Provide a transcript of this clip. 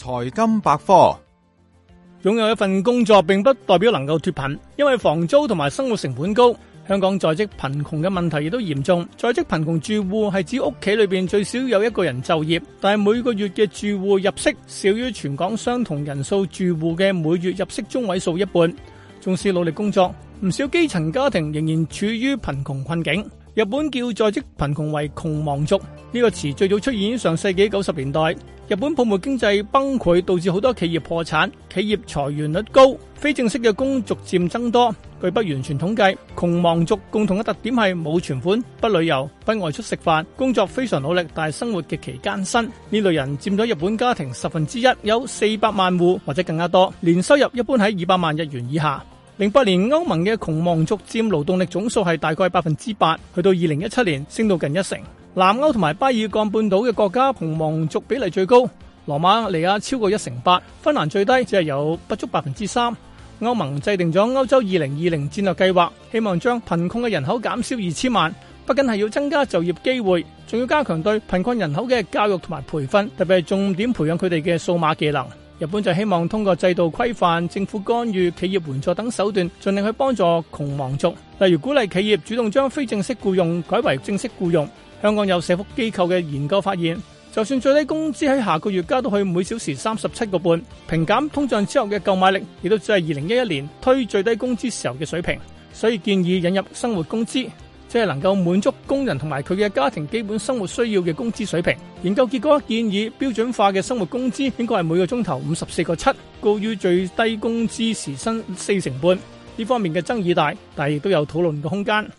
財金百科，擁有一份工作並不代表能夠脫貧，因為房租同埋生活成本高，香港在職貧窮嘅問題亦都嚴重。在職貧窮住戶係指屋企裏邊最少有一個人就業，但係每個月嘅住戶入息少於全港相同人數住戶嘅每月入息中位數一半，縱使努力工作，唔少基層家庭仍然處於貧窮困境。日本叫在職貧窮為窮忙族，呢個詞最早出現於上世紀九十年代。日本泡沫經濟崩潰導致好多企業破產，企業裁員率高，非正式員工逐漸增多。據不完全統計，窮忙族共同嘅特點係冇存款、不旅遊、不外出食飯，工作非常努力，但係生活極其艱辛。呢類人佔咗日本家庭十分之一，有四百萬戶或者更加多，年收入一般喺二百萬日元以下。零八年歐盟嘅窮忙族佔勞動力總數係大概百分之八，去到二零一七年升到近一成。南歐同埋巴爾干半島嘅國家窮忙族比例最高，羅馬尼亞超過一成八，芬蘭最低只係有不足百分之三。歐盟制定咗歐洲二零二零戰略計劃，希望將貧窮嘅人口減少二千萬，不僅係要增加就業機會，仲要加強對貧困人口嘅教育同埋培訓，特別係重點培養佢哋嘅數碼技能。日本就希望通過制度規範、政府干預、企業援助等手段，盡力去幫助窮忙族，例如鼓勵企業主動將非正式雇用改為正式雇用。香港有社福機構嘅研究發現，就算最低工資喺下個月加到去每小時三十七個半，平減通脹之後嘅購買力，亦都只係二零一一年推最低工資時候嘅水平。所以建議引入生活工資，即係能夠滿足工人同埋佢嘅家庭基本生活需要嘅工資水平。研究結果建議標準化嘅生活工資應該係每個鐘頭五十四個七，高於最低工資時薪四成半。呢方面嘅爭議大，但係亦都有討論嘅空間。